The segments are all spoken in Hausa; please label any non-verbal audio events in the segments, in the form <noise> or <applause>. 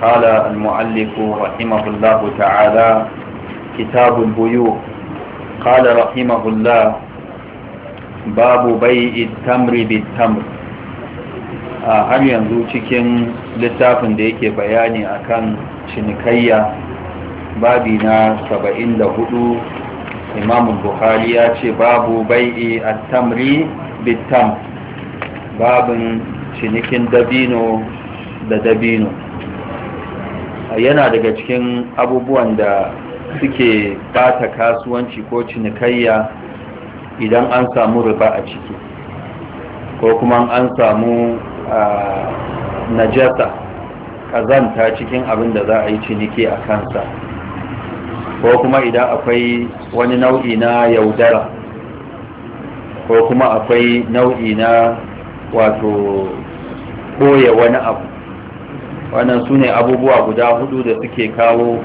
قال المؤلف رحمه الله تعالى كتاب البيوع قال رحمه الله باب بيع التمر بالتمر har yanzu cikin littafin da yake bayani a kan cinikayya babi na 74 imamun buhari ya ce babu bai'i at-tamri bit babin cinikin dabino da dabino yana daga cikin abubuwan da suke bata kasuwanci ko cinikayya idan an samu riba a ciki ko kuma an samu najasa kazanta cikin abin da za a yi ciniki a kansa ko kuma idan akwai wani nau'i na yaudara ko kuma akwai nau'i na wato ɓoye wani abu wannan su ne abubuwa guda hudu da suke kawo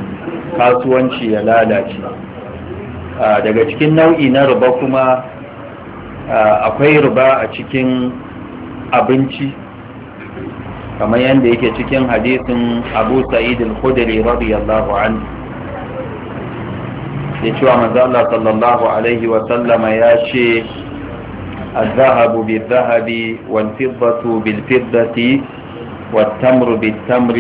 kasuwanci ya lalace daga cikin nau'i na riba kuma akwai riba a cikin abinci kamar yadda yake cikin hadisin abu sa'id al-khudri radiyallahu anhu ya ce wa manzala sallallahu alaihi wasallama ya ce الذهب بالذهب والفضة بالفضة والتمر بالتمر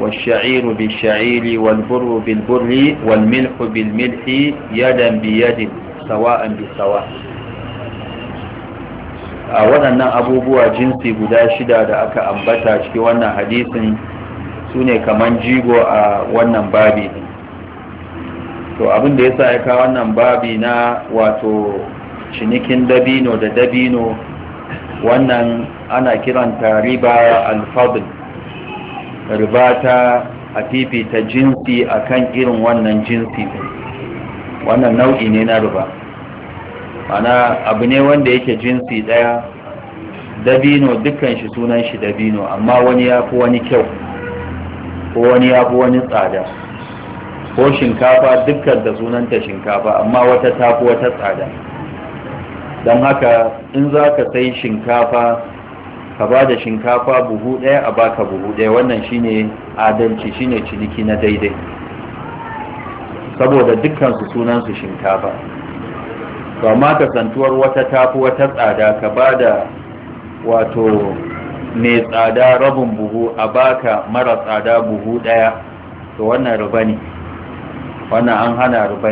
والشعير بالشعير والبر بالبر والملح بالملح يدا بيد سواء بسواء a waɗannan abubuwa jinsi guda shida da aka ambata cikin wannan hadisin su ne kaman jigo a wannan babi to abin da ya sa ya kawo wannan babi na wato cinikin dabino da dabino wannan ana kiranta riba alfadl riba ta a ta jinsi akan irin wannan jinsi wannan nau'i ne na riba ana abu ne wanda yake jinsi daya dabino dukkan shi sunan shi dabino amma wani ya fi wani kyau ko wani ya fi wani tsada ko shinkafa dukkan da sunanta shinkafa amma wata tafi wata tsada don haka in za ka sai shinkafa ka ba da shinkafa buhu ɗaya a baka buhu ɗaya wannan shine adalci shine ciniki na daidai saboda dukkan su sunansu shinkafa ba ma ka santuwar wata tafi wata tsada ka ba da wato mai tsada rabin buhu a baka mara tsada buhu ɗaya to wannan ruba wannan an hana ruba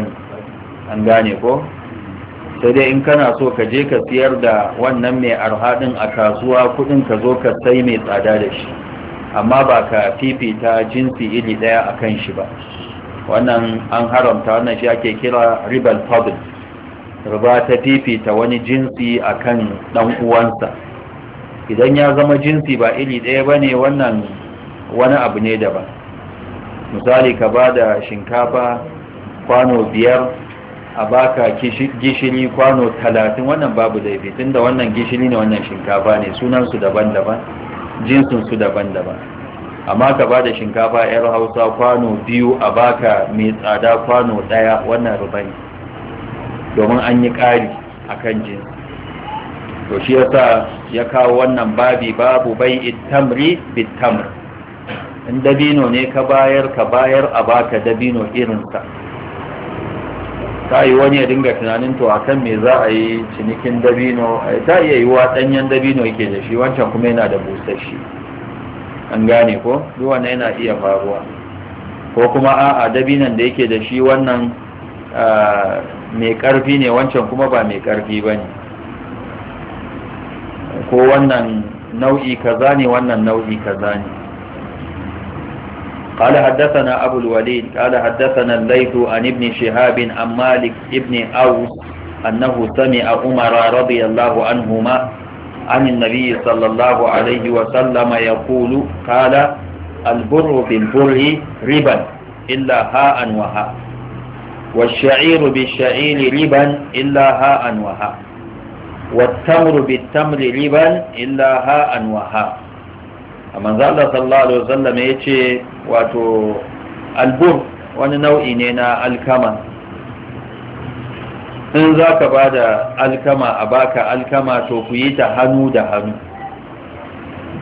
an gane ko sai dai in kana so ka je ka siyar da wannan mai arhaɗin a kasuwa kuɗin ka zo ka sai mai tsada da shi amma ba ka fifita jinsi iri ɗaya a kan shi ba wannan an haramta wannan shi ake kira ribal fadl riba ta fifita wani jinsi a kan ɗan uwansa idan ya zama jinsi ba iri ɗaya ba ne wannan wani abu ne daban misali ka ba da shinkafa kwano biyar a baka gishiri kwano talatin wannan babu laifi da wannan gishiri ne wannan shinkafa ne sunansu daban-daban jinsinsu daban-daban amma ka ba da shinkafa 'yar hausa kwano biyu a baka mai tsada kwano ɗaya wannan rubani domin an yi ƙari a kan jinsi to shi yasa ya kawo wannan babi babu bai itamri bitamri in dabino ne ka bayar ka bayar a baka dabino irinsa ta yi wani ya dinga tunanin to kan me za a yi cinikin dabino eh, ta iya yiwuwa ɗanyen dabino yake da shi wancan kuma yana da busashi an gane ko duk wannan yana iya faruwa ko kuma a'a dabinan da yake da shi wannan mai ƙarfi ne wancan kuma ba mai karfi ba ne ko wannan nau'i kaza ne wannan nau'i kaza ne قال حدثنا أبو الوليد قال حدثنا الليث عن ابن شهاب عن مالك ابن أوس أنه سمع عمر رضي الله عنهما عن النبي صلى الله عليه وسلم يقول قال البر بالبر ربا إلا هاء وهاء والشعير بالشعير ربا إلا هاء وهاء والتمر بالتمر ربا إلا هاء وهاء manzo Allah sallallahu alaihi wasallam ce wato albur wani nau'i ne na alkama in za ka ba da alkama a baka alkama to ku yi ta hannu da hannu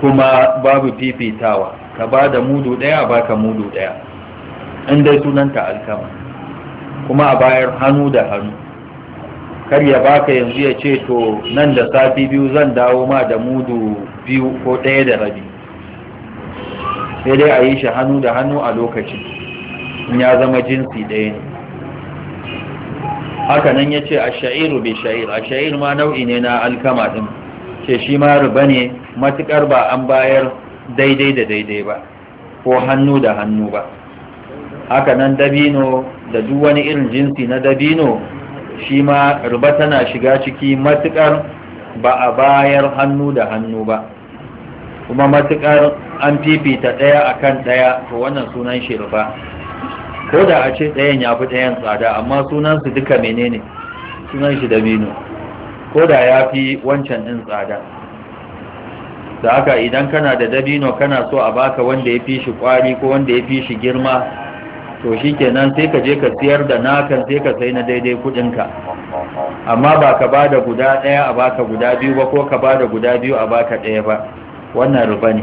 kuma babu fifitawa ka ba da mudu daya a baka mudu daya in dai sunanta alkama kuma a bayar hannu da hannu kar ya baka yanzu ya ce to nan da safi biyu zan dawo ma da mudu biyu ko daya da rabi sai dai a yi shi hannu da hannu a lokaci, in ya zama jinsi ɗaya ne haka nan ya ce a sha'iru bai Shairu? a Shairu ma nau'i ne na alkama ɗin ce shi ma ruba ne matuƙar ba an bayar daidai da daidai ba ko hannu da hannu ba haka nan dabino da duk wani irin jinsi na dabino shi ma ruba tana shiga ciki matuƙar ba a bayar hannu da hannu ba kuma matuƙar an fifita ɗaya a kan ɗaya to wannan sunan shi ko da a ce ɗayan ya fi ɗayan tsada amma sunan duka menene sunan shi dabino ko da ya fi wancan ɗin tsada da haka idan kana da dabino kana so a baka wanda ya fi shi kwari ko wanda ya fi shi girma to shi kenan sai ka je ka siyar da nakan sai ka sai na daidai kudinka amma ba ka ba da guda ɗaya a baka guda biyu ba ko ka ba da guda biyu a baka ɗaya ba wannan riba ne babu bai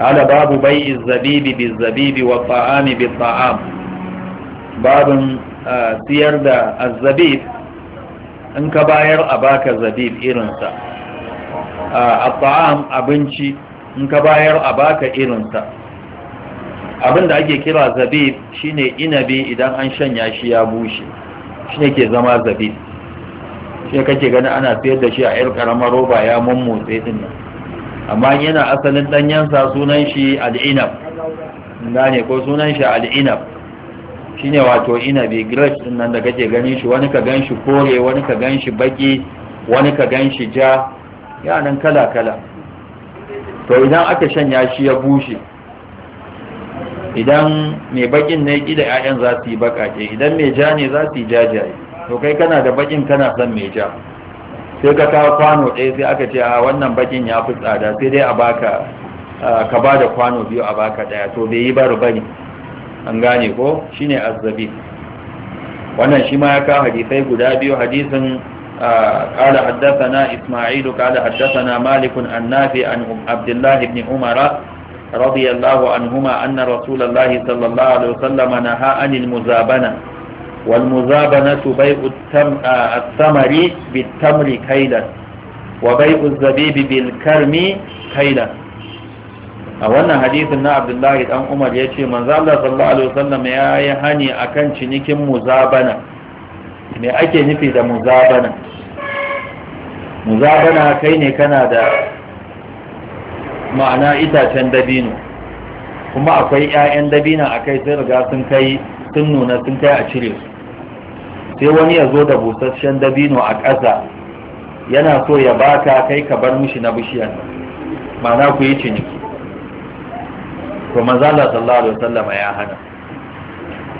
قال باب بيع الزبيب بالزبيب والطعام بالطعام باب سير ده الزبيب in ka bayar a baka zabib irinsa a ta'am abinci in ka bayar a baka irinsa abinda ake kira zabib shine inabi idan an shanya shi ya bushe shine ke zama zabib shi kake gani ana sayar da shi a yar karamar roba ya mummutse din nan amma yana asalin ɗanyensa sunan shi al'inab gane ko sunan shi al'inab shi ne wato inabi grace dinnan nan da kake ganin shi wani ka gan shi kore wani ka gan shi baki wani ka gan shi ja yanan kala-kala to idan aka shanya shi ya bushe idan mai bakin ne ƙi da 'ya'yan za su yi baƙaƙe idan mai ja ne za su yi jajaye to kai kana da bakin kana son mai ja sai ka kawo kwano ɗaya sai aka ce a wannan bakin ya fi tsada sai dai a baka ka ba da kwano biyu a baka ɗaya to bai yi bari bari an gane ko shine azzabi wannan shi ma ya kawo hadisai guda biyu hadisin قال حدثنا إسماعيل قال حدثنا مالك عن نافع عن عبد الله بن عمر anhuma الله عنهما أن رسول الله صلى الله عليه والمزابنة بيع التم... الثمر بالتمر كيلا وبيع الزبيب بالكرم كيلا a wannan hadisin na abdullahi dan umar ya ce manzo Allah sallallahu ya yi hani akan cinikin muzabana me ake nufi da muzabana muzabana kai ne kana da ma'ana itacen dabino kuma akwai 'ya'yan dabina akai sai riga sun sun nuna sun kai a cire su sai wani ya zo da busasshen dabino a ƙasa yana so ya baka kai ka bar mishi na bishiyar ma'ana ku yi ciniki to manzala sallallahu alaihi wasallam ya hana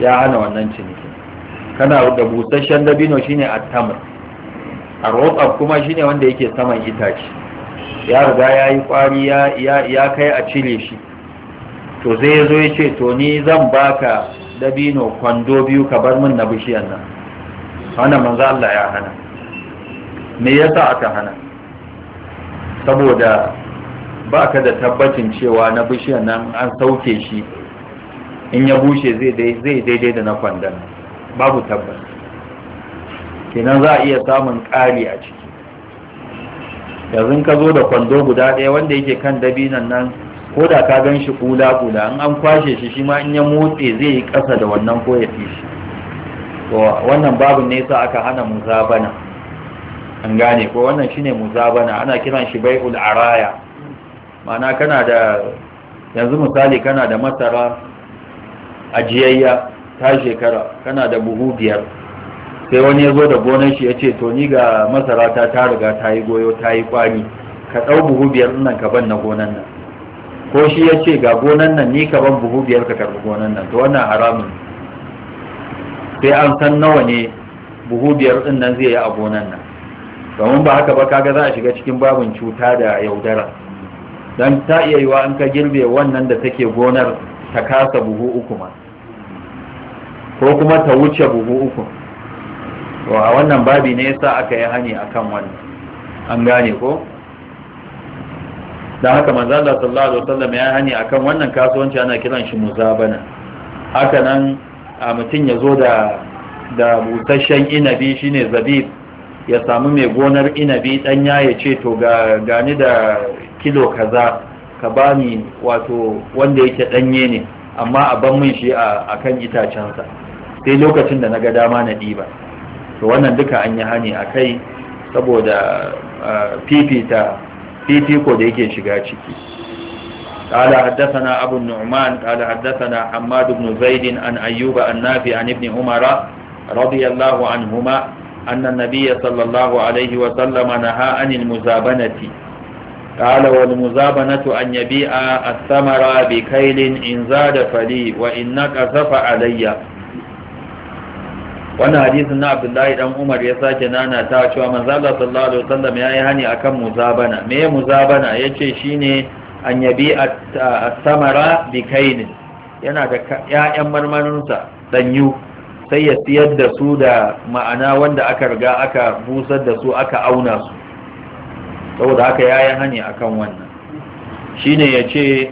ya hana wannan ciniki kana da busasshen dabino shine at-tamr ar-rutab kuma shine wanda yake saman itace ya riga ya yi kwari ya kai a cire shi to zai zo ya ce to ni zan baka dabino kwando biyu ka bar min na bishiyar nan hana manzo Allah ya hana me yasa aka hana saboda ba ka da tabbacin cewa na bishiyar nan an sauke shi in ya bushe zai daidai da na kwandon babu tabbas kenan za a iya samun ƙari a ciki yanzu ka zo da kwando guda ɗaya wanda yake kan dabinan nan ko da ka gan shi kula-kula in an kwashe shi shi ma in ya motse zai yi ƙasa da wannan ko ya fi shi to wannan babu ne sa aka hana muzabana an gane ko wannan shine muzabana ana kiran shi bai'ul araya ma'ana kana da yanzu misali kana da masara ajiyayya ta shekara kana da buhu biyar sai wani ya zo da gonar shi ya ce to ni ga masara ta ta riga ta yi goyo ta yi kwani ka ɗau buhu biyar nan ka ban na gonar nan ko shi ya ce ga gonar nan ni ka ban buhu biyar ka karɓi gonar nan to wannan haramun sai an san nawa ne buhu biyar din nan zai yi a gonan nan domin ba haka ba kaga za a shiga cikin babin cuta da yaudara dan ta iya yiwa an ka girbe wannan da take gonar ta kasa buhu uku ma ko kuma ta wuce buhu uku to a wannan babi ne yasa aka yi hani akan wannan an gane ko dan haka manzo Allah sallallahu alaihi wasallam ya hani akan wannan kasuwanci ana kiran shi muzabana haka nan a mutum ya zo da busasshen inabi shi ne zabib ya samu mai gonar inabi ɗanya ya ce to gani da kilo kaza ka bani wato wanda yake ɗanye ne amma a ban min shi a kan itacensa sai lokacin da na ga dama na ɗiba to wannan duka an yi hani a kai saboda fifita fifiko da yake shiga ciki قال حدثنا أبو النعمان قال حدثنا حماد بن زيد عن أيوب النافي عن ابن عمر رضي الله عنهما أن النبي صلى الله عليه وسلم نهى عن المزابنة قال والمزابنة أن يبيع الثمر بكيل إن زاد فلي وإن نقص فعلي wannan hadisin na abdullahi dan umar ya sake nana ta cewa manzo Allah sallallahu alaihi wasallam yayi hani akan muzabana me muzabana yace shine an yabi samara bi yana da 'ya'yan marmarinsa danyu sai ya siyar da su da ma'ana wanda aka riga aka busar da su aka auna su saboda haka yayin hani akan wannan Shi ne ya ce,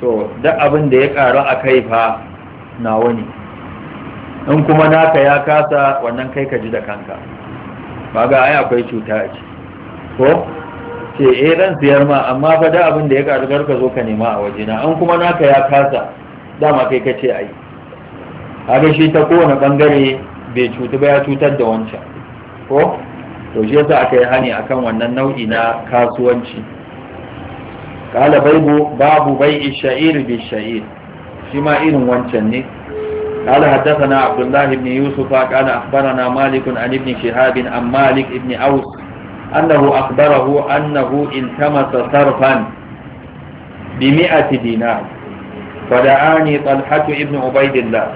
to duk abin da ya ƙaru a kai fa na wani. in kuma naka ya kasa wannan kai ka ji da kanka ba ga ai akwai cuta a ko ce e eh, ran siyar ma amma fa da abin da ya karu garka zo ka nema a wajena an kuma naka ya kasa dama kai ka ce ai haka shi ta kowane bangare bai cutu ba ya cutar da wancan ko to shi yasa aka yi hani akan wannan nau'i na kasuwanci kala baibu babu Bai Isha'ir bi sha'ir shi ma irin wancan ne قال حدثنا عبد الله بن يوسف قال أخبرنا مالك عن ابن شهاب عن مالك ابن أوس أنه أخبره أنه التمس صرفا بمئة دينار فدعاني طلحة ابن عبيد الله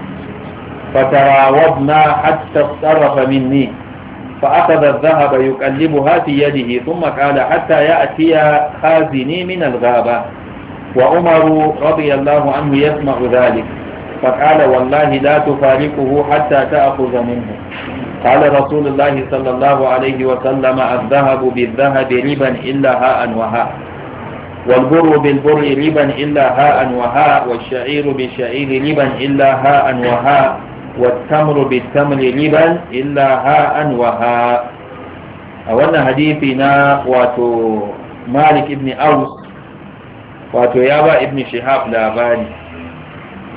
فتراوضنا حتى اقترف مني فأخذ الذهب يكلمها في يده ثم قال حتى يأتي خازني من الغابة وعمر رضي الله عنه يسمع ذلك فقال والله لا تفارقه حتى تأخذ منه قال رسول الله صلى الله عليه وسلم الذهب بالذهب ربا إلا هاء وهاء والبر بالبر ربا إلا هاء وهاء والشعير بالشعير ربا إلا هاء وهاء والتمر بالتمر ربا إلا هاء وهاء أولا حديثنا واتو مالك ابن أوس واتو يابا ابن شهاب لاباني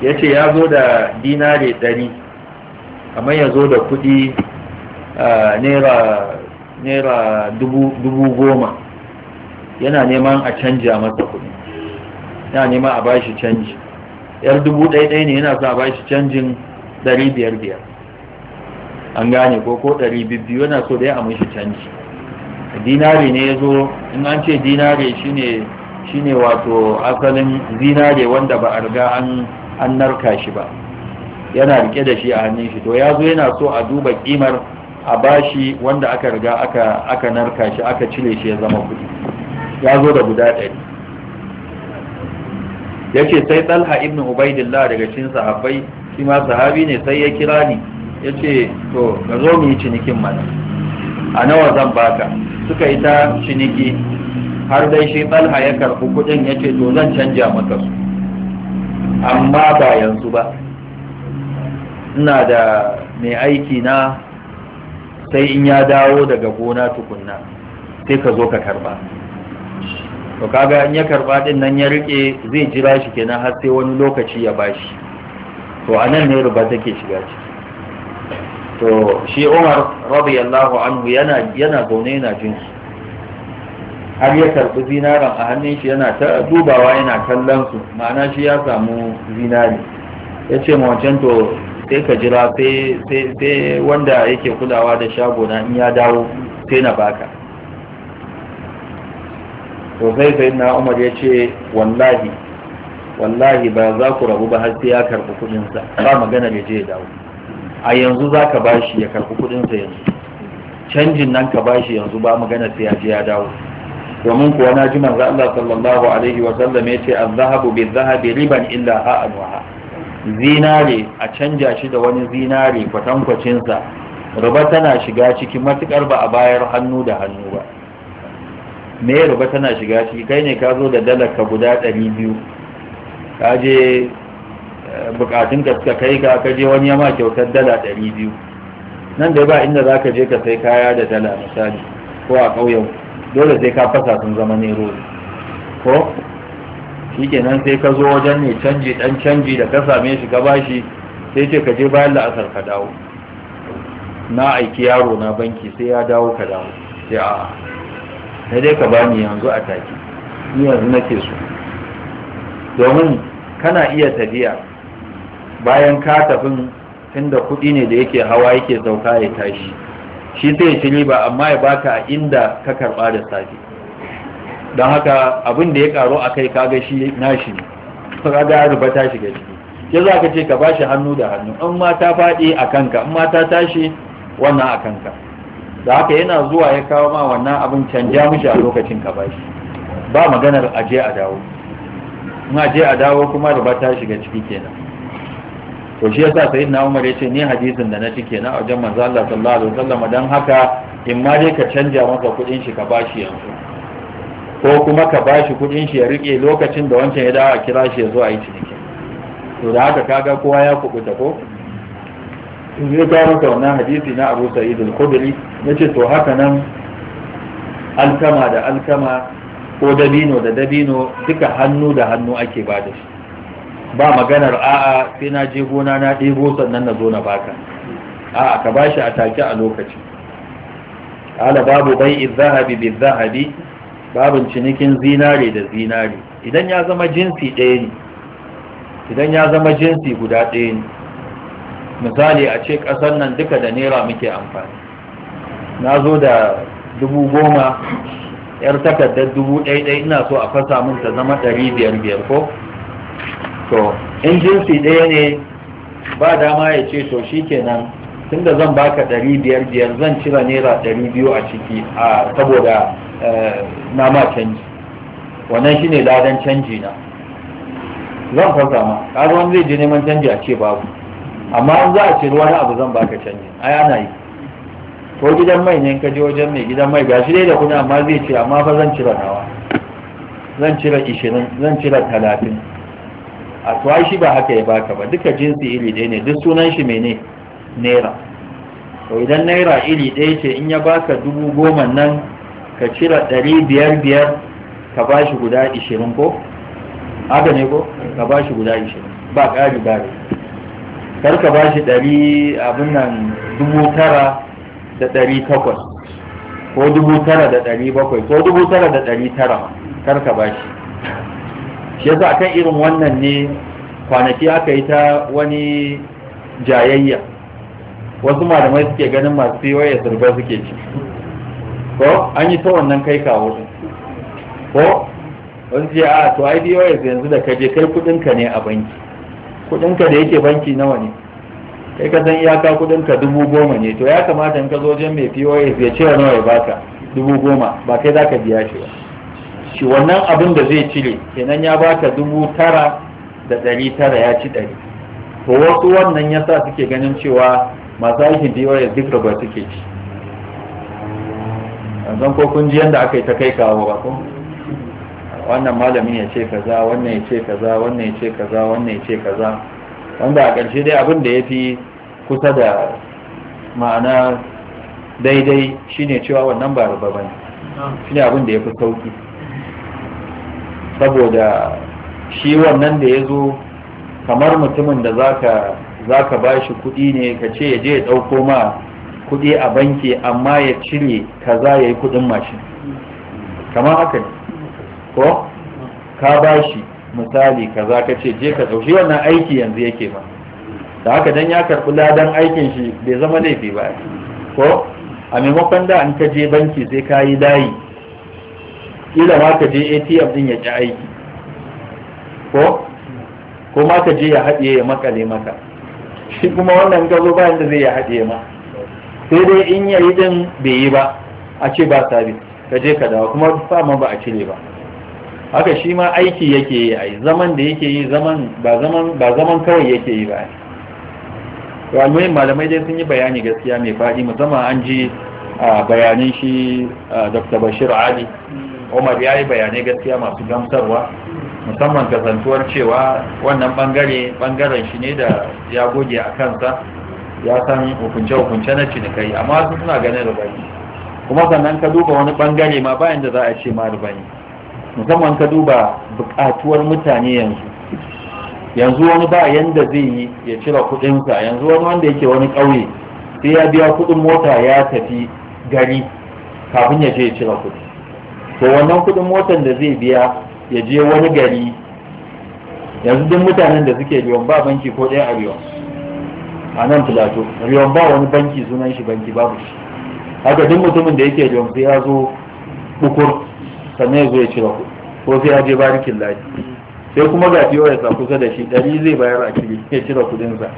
يتي يازو دا ديناري دني أما يزو دا كدي naira dubu goma yana neman a canja masa kuɗi yana neman a bashi canji yar dubu ɗaya ne yana sa a bashi canjin ɗari biyar biyar an gane ko ko ɗari biyu yana so da ya amin shi canji dinari ne ya zo in an ce dinari shine shine wato asalin zinare wanda ba a riga an narka shi ba yana rike da shi a hannun shi to ya zo yana so a duba kimar a bashi wanda aka riga aka narka shi aka cire shi ya zama kudi ya zo da guda ɗari ya ce sai talha ibn ubaidillah daga cikin sahabbai shi ma sahabi ne sai ya kira ni ya ce to ka zo mu yi cinikin mana a nawa zan baka suka yi ta ciniki har dai shi talha ya karɓi kuɗin ya ce to zan canja maka su amma ba yanzu ba ina da mai aiki na sai in ya dawo daga gona tukunna sai ka zo ka karba to kaga in ya karba din nan ya rike zai jira shi kenan har sai wani lokaci ya bashi to anan ne ruba take shiga ciki to shi Umar radiyallahu anhu yana yana zaune yana jin har ya karbi zinaran a hannun shi yana ta dubawa yana kallon su ma'ana shi ya samu zinari ya ce ma wancan to sai ka jira sai wanda yake kulawa da shago na in ya dawo sai na baka to sai sai na umar ya ce wallahi wallahi ba za ku rabu ba har sai ya karɓi kuɗinsa ba magana da je ya dawo a yanzu za ka bashi ya karɓi kuɗinsa yanzu canjin nan ka bashi yanzu ba magana sai ya je ya dawo domin kuwa na ji manzo Allah sallallahu alaihi wa sallam ce, az-zahabu bil-zahabi riban illa ha'an wa ha'an zinare a canja shi da wani zinare kwatankwacinsa ruba tana shiga ciki matukar ba a bayar hannu da hannu ba me ruba tana shiga ciki kai ne ka zo da dalar ka guda 200 ka je eh, bukatun ka suka kai ka ka je wani yama kyautar dala 200 nan da ba inda za ka je ka sai kaya da dala misali ko a ƙauyen dole sai ka fasa sun zama ne ko nan sai ka zo wajen ne canji dan canji da ka same shi ka bashi sai ce ka je bayan la'asar ka dawo na aiki yaro na banki sai ya dawo ka dawo sai a sai dai ka bani yanzu a taki ni yanzu nake so domin kana iya tafiya bayan ka tafin inda kuɗi ne da yake hawa yake sauka ya tashi shi sai ya ci riba amma ya baka a inda ka karɓa da safe don haka abin da ya karo a kai kaga shi nashi ne kaga ruba ta shiga ciki ya za ka ce ka bashi hannu da hannu in ma ta faɗi a kanka in ma ta tashi wannan a kanka da haka yana zuwa ya kawo ma wannan abin canja mishi a lokacin ka bashi ba maganar aje a dawo in aje a dawo kuma ruba ta shiga ciki kenan to shi yasa sayyid na umar ce ne hadisin da na ci kenan a wajen manzo Allah sallallahu alaihi wasallam dan haka in ma dai ka canja masa kuɗin shi ka bashi yanzu ko kuma ka bashi kudin shi ya rike lokacin da wancan ya dawo a kira shi ya zo a yi ciniki to da haka kaga kowa ya kubuta ko in zai kawo maka wannan hadisi na Abu Sa'id al-Khudri ce to haka nan alkama da alkama ko dabino da dabino duka hannu da hannu ake ba da shi ba maganar a'a sai na je gona na ɗebo sannan na zo na baka a'a ka bashi a take a lokaci قال باب zahabi الذهب zahabi. babin cinikin zinare da zinare idan ya zama jinsi ɗaya ne idan ya zama jinsi guda ɗaya ne misali a ce ƙasar nan duka da naira muke amfani na zo da dubu goma yar takardar dubu ɗaya ɗaya ina so a fasa min ta zama ɗari biyar biyar ko to in jinsi ɗaya ne ba dama ya ce to shi kenan tunda zan baka ɗari biyar biyar zan cire naira ɗari biyu a ciki a saboda na ma canji wannan ne ladan canji na zan farka ma kaga wani zai je neman canji a ce babu amma an za a ce wani abu zan baka canji a yana yi ko gidan mai ne ka je wajen mai gidan mai shi dai da kuna amma zai ce amma fa zan cira nawa zan cira ishirin zan cira talatin a tuwa shi ba haka ya baka ba duka jinsi iri ɗaya ne duk sunan shi mene naira to idan naira iri ɗaya ce in ya baka dubu goma nan ka cire ɗari biyar biyar ka ba shi guda ishirin ko haka ne ko ka ba shi guda ishirin ba ƙari ba ne kar ka ba shi ɗari abin nan dubu tara da ɗari takwas ko dubu tara da ɗari bakwai ko dubu tara da ɗari tara kar ka ba shi shi yasa akan irin wannan ne kwanaki aka yi ta wani jayayya wasu malamai suke ganin masu yi waya zurba suke ci ko an yi ta wannan kai kawo ko wani ce a ah, to ai yanzu da kaje kai kudinka ne a banki kudinka da yake banki nawa ne kai ka san iyaka kudinka dubu goma ne to ya kamata in ka zo wajen mai POS ya ce nawa ya baka dubu goma ba kai za ka biya shi ba shi wannan abin da zai cire kenan ya baka dubu tara da ɗari tara ya ci ɗari to wasu wannan yasa suke ganin cewa masu aikin POS duk riba suke ci yanzu ko kun ji yadda aka yi ta kai kawo ba ko wannan malamin ya ce kaza wannan ya ce kaza wannan ya ce kaza wannan ya ce kaza wanda a ƙarshe dai abin da ya fi kusa da ma'ana daidai shine cewa wannan ba ne shi ne abin da ya fi sauki saboda shi wannan da ya zo kamar mutumin da za ka ba shi kuɗi ne ka ce ya je ya ɗauko ma kuɗi a banki amma ya cire kaza ya yi kuɗin mashin kamar haka ne ko ka ba shi misali kaza ka ce je ka ɗauki wannan aiki yanzu yake ba da haka dan ya karɓi ladan aikin shi bai zama laifi ba ko a maimakon da an ka je banki sai ka yi layi kila ma ka je atm din ya ci aiki ko ko ma ka je ya haɗe ya makale maka shi kuma wannan gazo bayan da zai ya haɗe ma sai dai in ya yi din bai yi ba a ce ba sabis ka je ka dawo kuma fama ba a cire ba haka shi ma aiki yake yi ai zaman da yake yi zaman ba zaman ba zaman kawai yake yi ba to almuhim malamai dai sun yi bayani gaskiya mai faɗi musamman an ji bayanin shi Dr. Bashir Ali Umar ya yi bayanai gaskiya masu gamsarwa musamman kasantuwar cewa wannan bangare bangaren shi ne da ya goge a kansa ya san hukunce-hukunce na cinikai amma sun suna ganin rubani kuma sannan ka duba wani bangare ma bayan da za a ce ma rubani musamman ka duba bukatuwar mutane yanzu yanzu wani ba yanda zai yi ya cire kudinsa yanzu wani wanda yake wani ƙauye sai ya biya kudin mota ya tafi gari kafin ya je ya cire kudi to wannan kudin motar da zai biya ya je wani gari yanzu duk mutanen da suke biyan ba banki ko ɗaya a biyan a nan filato riyon ba wani banki sunan shi banki babu shi haka duk mutumin da yake riyon sai ya zo bukur sannan ya zo ya ko sai ya je barikin layi sai kuma ga fiye ya kusa da shi ɗari zai bayar a cikin ya cire kuɗinsa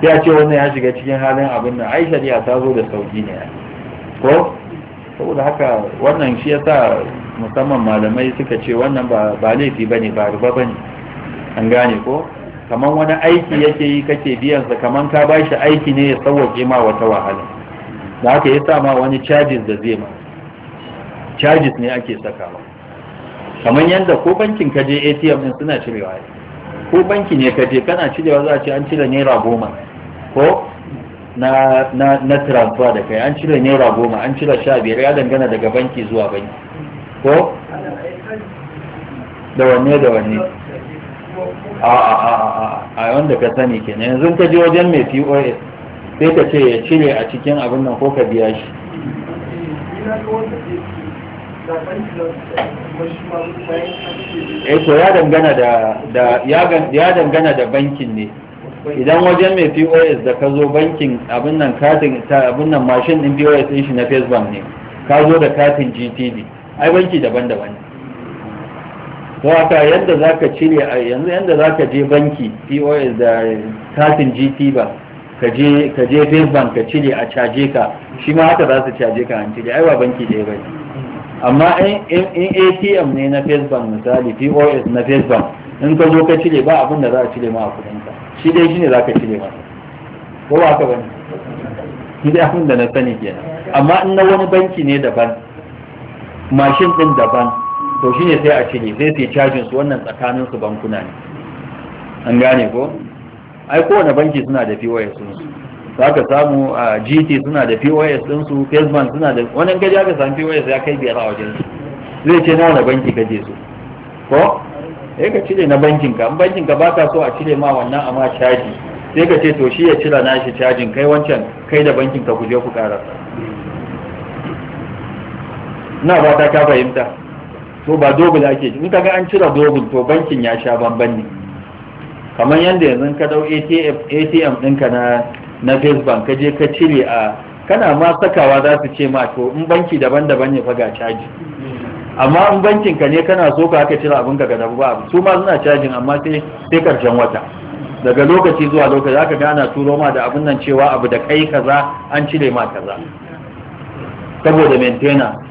ya ce wannan ya shiga cikin halin abin nan ai shari'a ta zo da sauki ne ko saboda haka wannan shi yasa musamman malamai suka ce wannan ba laifi ba ne, ba riba ne, an gane ko kaman wani aiki yake yi kake biyansa kaman ka ba shi aiki ne ya sauwaƙe ma wata wahala da haka ya sama wani charges da zai ma charges ne ake sakawa. kaman yadda ko bankin ka je atm din suna cirewa ko banki ne ka je kana cirewa za a ce an cire naira goma ko na na na transfer da kai an cire naira goma an cire sha biyar ya dangana daga banki zuwa banki ko da wanne da wanne a a wanda ka sani kenan yanzu ka ji wajen mai POS sai ka ce ya cire a cikin abin nan ko ka biya shi eh to ya dangana da da ya dangana da bankin ne idan wajen mai POS da ka zo bankin abin nan katin ta abin nan mashin din POS din shi na Facebook ne ka zo da katin GTD ai banki daban-daban ne wata yadda za ka cire a yanzu yadda za ka je banki pos da katin gt ba ka je first bank ka cire a caje ka shi ma haka za su caje ka an cire aiwa banki ɗaya bai amma in atm ne na first bank misali pos na first bank in ka zo ka cire ba abin da za a cire ma a kudinka shi dai shi ne za ka cire ma ko ba ka bane shi dai abin da na sani kenan amma in na wani banki ne daban mashin ɗin daban to shi ne sai a cire sai sai cajin su wannan tsakanin su bankuna ne an gane ko ai kowane banki suna da POS din su zaka samu a GT suna da POS din su Bank suna da wannan gaji aka samu POS ya kai biyar a wajen su zai ce na wani banki kaje su ko sai ka cire na bankin ka bankin ka baka so a cire ma wannan amma caji sai ka ce to shi ya cira nashi cajin kai wancan kai da bankin ka ku je ku karasa na ba ta ka fahimta to ba dogul ake in kaga an cire dogul to bankin ya sha bamban ne kamar yadda yanzu ka dau atm ɗinka na na facebook ka je ka cire a kana ma sakawa za su ce ma to in banki daban-daban ne fa ga caji amma in bankin ka ne kana so ka aka cire abin ka ga ba su ma suna cajin amma sai sai karshen wata daga lokaci zuwa lokaci ga gana turo ma da abin nan cewa abu da kai kaza an cire ma kaza saboda maintainer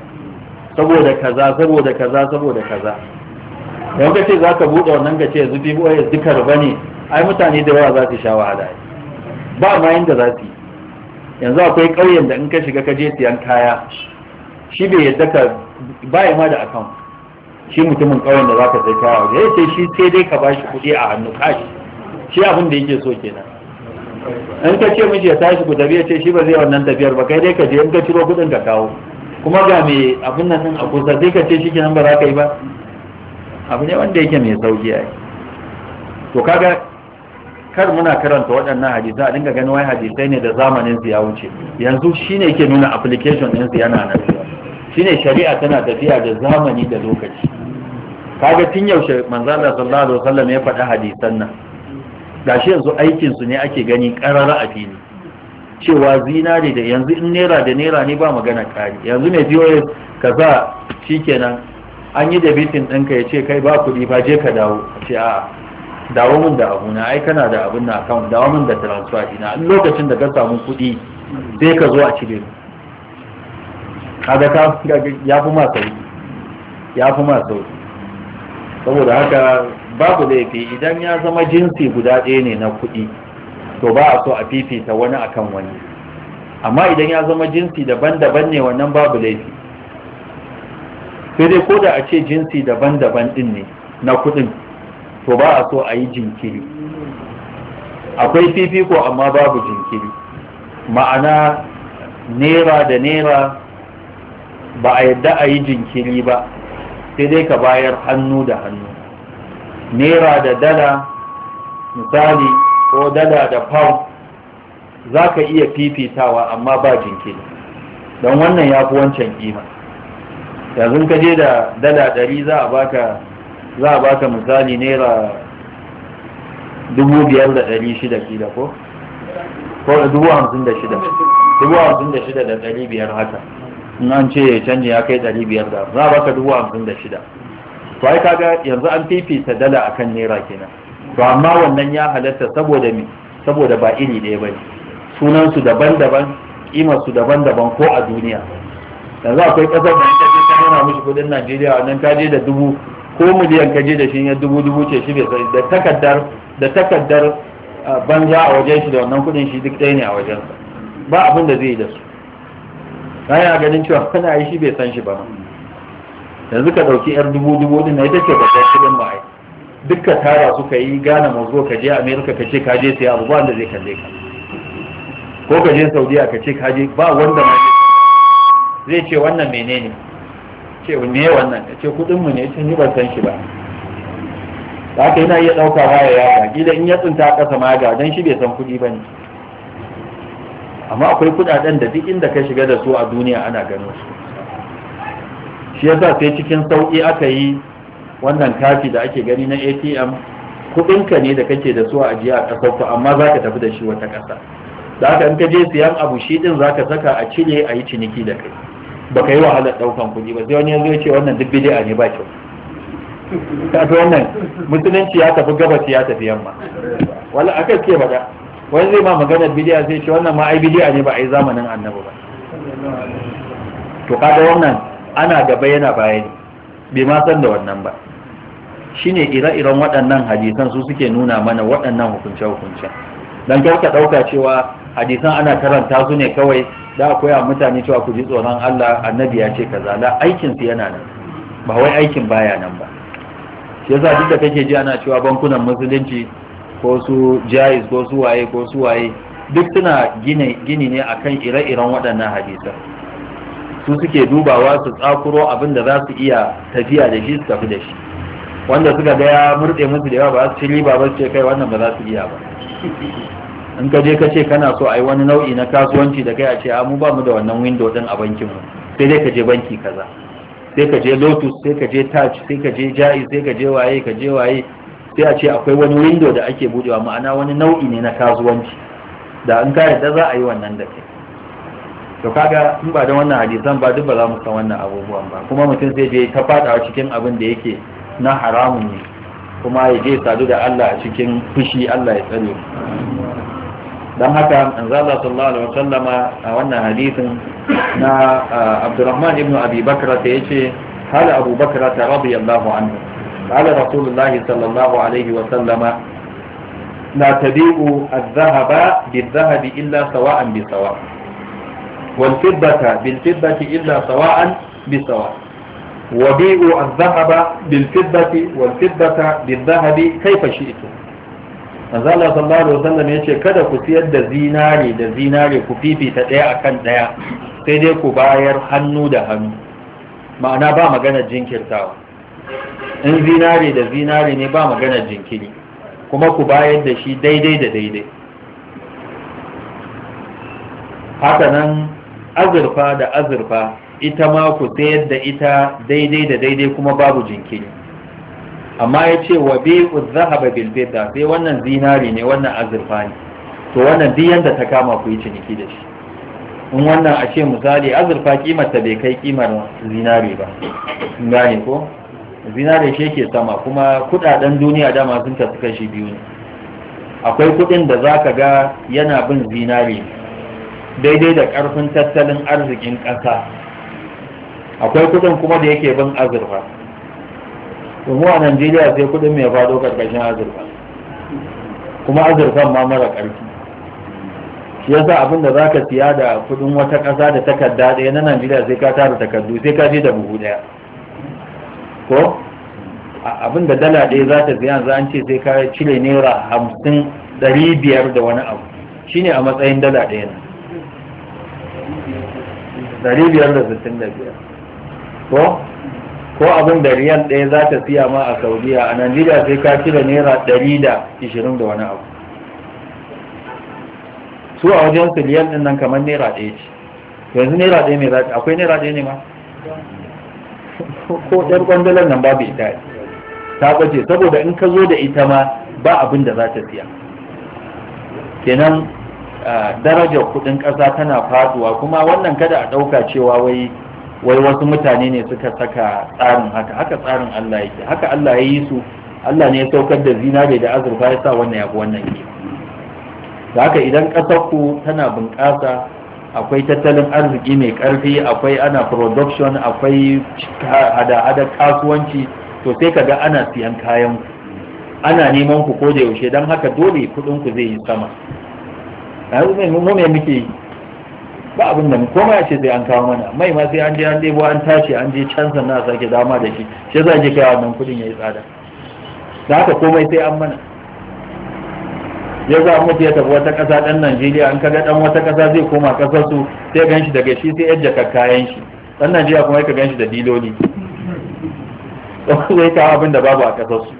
saboda kaza saboda kaza saboda kaza yau ka ce za ka buɗe wannan ka ce yanzu pos duka ba ne ai mutane da yawa za su sha wahala ba ma yadda za su yi yanzu akwai ƙauyen da in ka shiga ka je siyan kaya shi bai yadda ka baya ma da akan shi mutumin ƙauyen da za ka sai kaya wajen ya ce shi sai dai ka ba shi kuɗi a hannu kashi shi abin da yake so kenan in ka ce mishi ya tashi ku tafiya ce shi ba zai wannan tafiyar ba kai dai ka je in ka ciro kuɗin ka kawo kuma ga mai abin nan a kusa dai ka ce shi nan ba za ka yi ba abu ne wanda yake mai sauki yi to kaga kar muna karanta waɗannan hadisai a dinga ganin wai hadisai ne da zamanin su ya wuce yanzu shi ne yake nuna application ɗin su yana nan ne shari'a tana tafiya da zamani da lokaci kaga tun yaushe manzan da sallallahu alaihi wasallam ya faɗi hadisan nan gashi yanzu aikin su ne ake gani karara a fili cewa zinare da yanzu in naira da naira ne ba magana kari yanzu mai biyo ka shi kenan an yi debitin ɗinka ya ce kai ba kuɗi ba je ka dawo a ce a'a dawo min da abu na ai kana da abun na account dawo min da transfer dina in lokacin da ka samu kuɗi sai ka zo a cire kaga ka ya fi ma sauki ya fi ma sauki saboda haka babu laifi idan ya zama jinsi guda ɗaya ne na kuɗi to ba a so a fifita wani akan wani amma idan ya zama jinsi daban-daban ne wannan babu laifi sai dai ko da a ce jinsi daban-daban din ne na kudin to ba a so a yi jinkiri akwai fifiko amma babu jinkiri ma'ana nera da nera ba a yadda a yi jinkiri ba sai dai ka bayar hannu da hannu nera da dala misali ko dala da pound za ka iya fifitawa amma ba jinkiri don wannan ya fi wancan kima yanzu ka je da dala dari za a baka za a baka misali naira dubu biyar da shida kila ko ko dubu hamsin da shida da biyar haka in an ce canji ya kai 500 biyar da za a baka dubu hamsin da shida to ai kaga yanzu an fifita dala akan naira kenan to amma wannan ya halatta saboda mi saboda ba iri ɗaya ba sunan su daban-daban kimar su daban-daban ko a duniya yanzu akwai kasar da ita je ta nuna mushi kudin Najeriya nan ta je da dubu ko miliyan ka je da shi ya dubu dubu ce shi bai da takaddar da takaddar banza a wajen shi da wannan kudin shi duk ɗaya ne a wajen ba abin da zai yi da su ga ganin cewa kana <laughs> yi shi bai san shi ba yanzu ka ɗauki yar dubu dubu din na ita ce babban kudin ma'aikata dukka tara su ka yi gane zo ka je america ka ce ka je sai abu ba wanda zai kalle ka ko ka je saudiya ka ce ka je ba wanda ma zai ce wannan menene ce ne wannan ya ce kudin mu ne tun yi ban san shi ba da haka yana iya ɗauka baya ya ga gida in ya tsinta ƙasa ma ga don shi bai san kuɗi ba ne amma akwai kudaden da duk inda ka shiga da su a duniya ana gano su shi yasa sai cikin sauƙi aka yi wannan kati da ake gani na atm kudinka ne da kake da su a ajiya a ƙasar ku amma za ka tafi da shi wata ƙasa da haka in ka je siyan abu shi din za ka saka a cire a yi ciniki da kai ba ka yi wahalar ɗaukan kudi ba sai wani yanzu ya ce wannan duk bidi'a ne ba kyau Ta fi wannan musulunci ya tafi gabas ya tafi yamma wala aka ke bada wani zai ma maganar bidiya zai ce wannan ma ai bidiya ne ba ai zamanin annabi ba to kada wannan ana gaba yana baya ne bai ma san da wannan ba shine ire-iren waɗannan hadisan su suke nuna mana waɗannan hukunce-hukuncen don ka ɗauka cewa hadisan ana karanta su ne kawai da a koya mutane cewa ku ji tsoron Allah annabi ya ce ka zala aikin su yana nan ba wai aikin baya nan ba shi yasa duk da kake ji ana cewa bankunan musulunci ko su jayis ko su waye ko su waye duk suna gini ne akan ire-iren waɗannan hadisan su suke dubawa su tsakuro abin da za su iya tafiya da shi su tafi da shi wanda suka ga ya murɗe musu da yawa ba su ci riba ba su ce kai wannan ba za su iya ba in ka je ka ce kana so a yi wani nau'i na kasuwanci da kai a ce a mu ba mu da wannan window din a bankin mu sai dai ka je banki kaza sai ka je lotus sai ka je touch sai ka je ja'i sai ka je waye ka je waye sai a ce akwai wani window da ake budewa ma'ana wani nau'i ne na kasuwanci da in ka yarda za a yi wannan da kai to kaga in ba da wannan hadisan ba duk ba za mu san wannan abubuwan ba kuma mutum zai je ta faɗawa cikin abin da yake na haramun ne kuma ya je sadu da Allah a cikin fushi Allah ya tsare Don dan haka anzala sallallahu alaihi wasallama a wannan hadisin na Abdurrahman ibn Abi Bakr ta yace hal Abu Bakr radiyallahu anhu qala Rasulullah sallallahu alaihi wasallama la tabi'u adh-dhahaba bidh-dhahabi illa sawa'an bi sawa' wal fiddata bil fiddati illa bi sawa' وبيعوا الذهب بالفضة والفضة بالذهب كيف شئتم manzo Allah sallallahu alaihi wasallam yace kada ku siyar da zinare da zinare ku fifita a akan ɗaya, sai dai ku bayar hannu da hannu ma'ana ba maganar jinkirtawa in zinare da zinare ne ba magana jinkiri kuma ku bayar da shi daidai da daidai haka nan azurfa da azurfa ita ma ku sayar da ita daidai da daidai kuma babu jinkiri amma ya ce wa ku zahaba bil sai wannan zinari ne wannan azurfa ne to wannan duk yanda ta kama ku yi ciniki da shi in wannan a ce misali azurfa kimar ta bai kai kimar zinari ba gane ko zinari shi ke sama kuma kudaden duniya dama sun tafi kashi biyu ne akwai kudin da zaka ga yana bin zinari daidai da karfin tattalin arzikin ƙasa akwai kudin kuma da yake bin azurfa kuma a najeriya sai kudin mai faɗo karkashin azurfa kuma azurfan ma mara ƙarfi shi yasa abin da za ka siya da kudin wata ƙasa da takarda ɗaya na najeriya sai ka tara takardu sai ka je da buhu ɗaya ko abin da dala ɗaya za ta biya za an ce sai ka cire naira hamsin ɗari biyar da wani abu shine a matsayin dala ɗaya na ɗari biyar da sittin da biyar ko ko abin da riyal ɗaya za ta siya ma a saudiya a najeriya sai ka cire naira ɗari da ishirin da wani abu su a wajen su riyal ɗin nan kamar naira ɗaya ce yanzu naira ɗaya mai zafi akwai naira ɗaya ne ma ko ɗan ƙwandalar nan babu ita ta ɓace saboda in ka zo da ita ma ba abin da za ta siya kenan ah, darajar kuɗin ƙasa tana faduwa kuma wannan kada a ɗauka cewa wai wai wasu mutane ne suka saka tsarin haka haka tsarin Allah yake haka Allah ya yi su Allah ne ya saukar da zinare da azurfa ya sa wannan yafi wannan ke da haka idan ƙasar ku tana bunƙasa akwai tattalin arziki mai ƙarfi akwai ana production akwai hada-hada kasuwanci to sai ka ga ana siyan kayan ku ana neman ku ko da yaushe don haka dole kuɗin ku zai yi sama mu me muke ba abin da koma ya ce sai an kawo mana mai ma sai an je an ɗebo an tashi an je can sannan a sake dama da shi sai za a je kawo nan kuɗin ya yi tsada da haka komai sai an mana ya za mutu ya tafi wata ƙasa ɗan Najeriya an kaga ɗan wata ƙasa zai koma ƙasar su sai gan shi daga shi sai yadda ka kayan shi ɗan Najeriya kuma ka gan shi da diloli zai kawo abin da babu a ƙasar su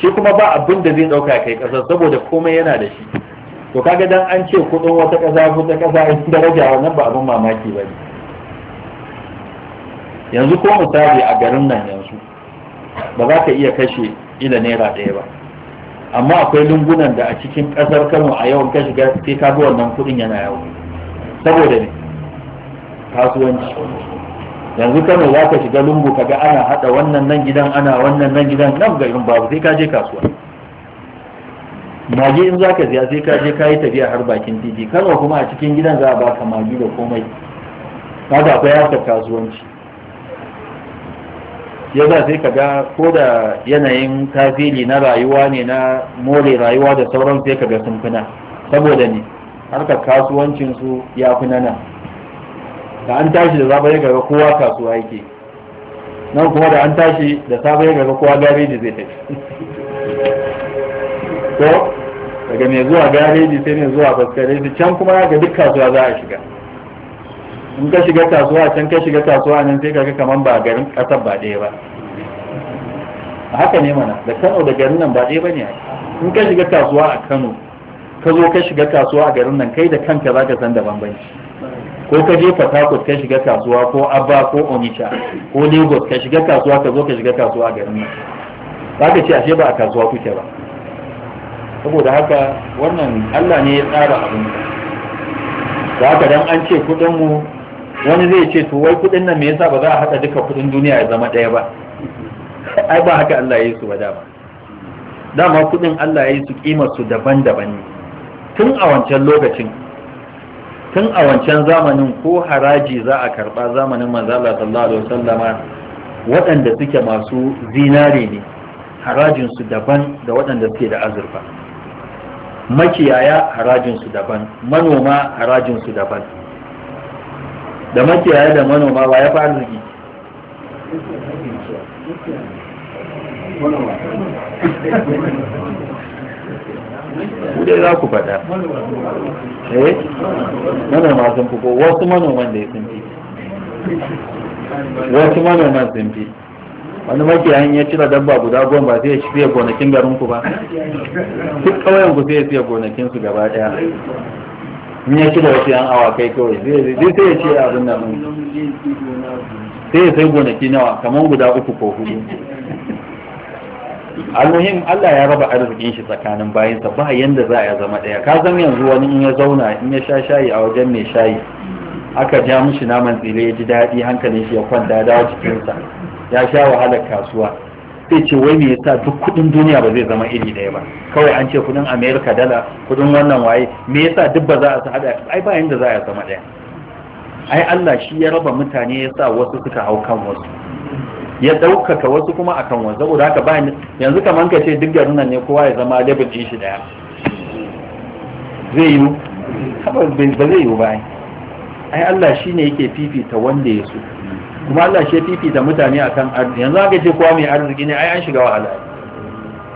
shi kuma ba abin da zai ɗauka kai ƙasar saboda komai yana da shi to kaga dan an ce kudin wata kasa wata kasa in daraja wannan ba abin mamaki ba ne yanzu ko misali a garin nan yanzu ba za ka iya kashe ila naira ɗaya ba amma akwai lungunan da a cikin ƙasar kano a yawan kashi sai ka wannan kuɗin yana yawo saboda ne kasuwanci yanzu kano za ka shiga lungu kaga ana haɗa wannan nan gidan ana wannan nan gidan nan garin babu sai ka je kasuwa Magi in za ka siya sai ka je ka yi tafiya har bakin titi kano kuma a cikin gidan za a ba ka magi da komai kaga akwai harkar kasuwanci ya za sai ka ga ko da yanayin tafili na rayuwa ne na more rayuwa da sauran sai ka ga sun fina saboda ne harkar kasuwancinsu ya fi nan da an tashi da zaba ya gaga kowa kasuwa yake nan kuma da an tashi da saba ya gaga kowa da zai tafi ko daga mai zuwa gareji sai mai zuwa faskareji can kuma ga duk kasuwa za a shiga in ka shiga kasuwa can ka shiga kasuwa nan sai kaga kaman ba garin kasar ba ɗaya ba haka ne mana da kano da garin nan ba ɗaya ba ne in ka shiga kasuwa a kano ka zo ka shiga kasuwa a garin nan kai da kanka za ka san da bambanci ko ka je fatakot ka shiga kasuwa ko abba ko onitsha ko lagos ka shiga kasuwa ka zo ka shiga kasuwa a garin nan za ka ce ashe ba a kasuwa kuke ba saboda haka wannan Allah ne ya tsara abin da haka dan an ce kudin mu wani zai ce to wai kudin nan me yasa ba za a haɗa duka kudin duniya ya zama ɗaya ba ai ba haka Allah ya yi su ba dama dama kudin Allah ya yi su kimar su daban-daban ne tun a wancan lokacin tun a wancan zamanin ko haraji za a karba zamanin manzala sallallahu alaihi wasallama waɗanda suke masu zinare ne harajin su daban da waɗanda suke da azurfa makiyaya harajinsu daban manoma harajinsu daban da makiyaya da manoma ba ya fara zuki kudai za ku faɗa eh manoma sun fi ko wasu manoman da ya sun fi wasu manoman sun fi wani makiyayin ya cire dabba guda goma ba zai fiye gonakin garin ku ba duk kawai ku sai fiye siya gonakin su gaba daya in ya cire wasu yan awa kai kawai zai sai ya ce abin nan sai ya sai gonaki nawa kamar guda uku ko hudu almuhim Allah ya raba arzikin shi tsakanin bayinsa ba yanda za a zama daya ka zan yanzu wani in ya zauna in ya sha shayi a wajen mai shayi aka ja mishi naman tsire ya ji daɗi hankalin shi ya kwanta dawo sa ya sha wahalar kasuwa sai ce wai me yasa duk kudin duniya ba zai zama iri ɗaya ba kawai an ce kudin america dala kudin wannan waye me yasa duk ba za a hada ai ba yanda za a zama ɗaya ai Allah shi ya raba mutane ya sa wasu suka hau kan wasu ya ɗaukaka wasu kuma akan wasu saboda haka bayan yanzu kamar ka ce duk garin nan ne kowa ya zama level ɗin shi ɗaya zai yi ba zai yi ba ai Allah shi ne yake fifita wanda ya so kuma Allah shi fifita mutane a kan arziki yanzu aka ce kowa mai arziki ne ai an shiga wahala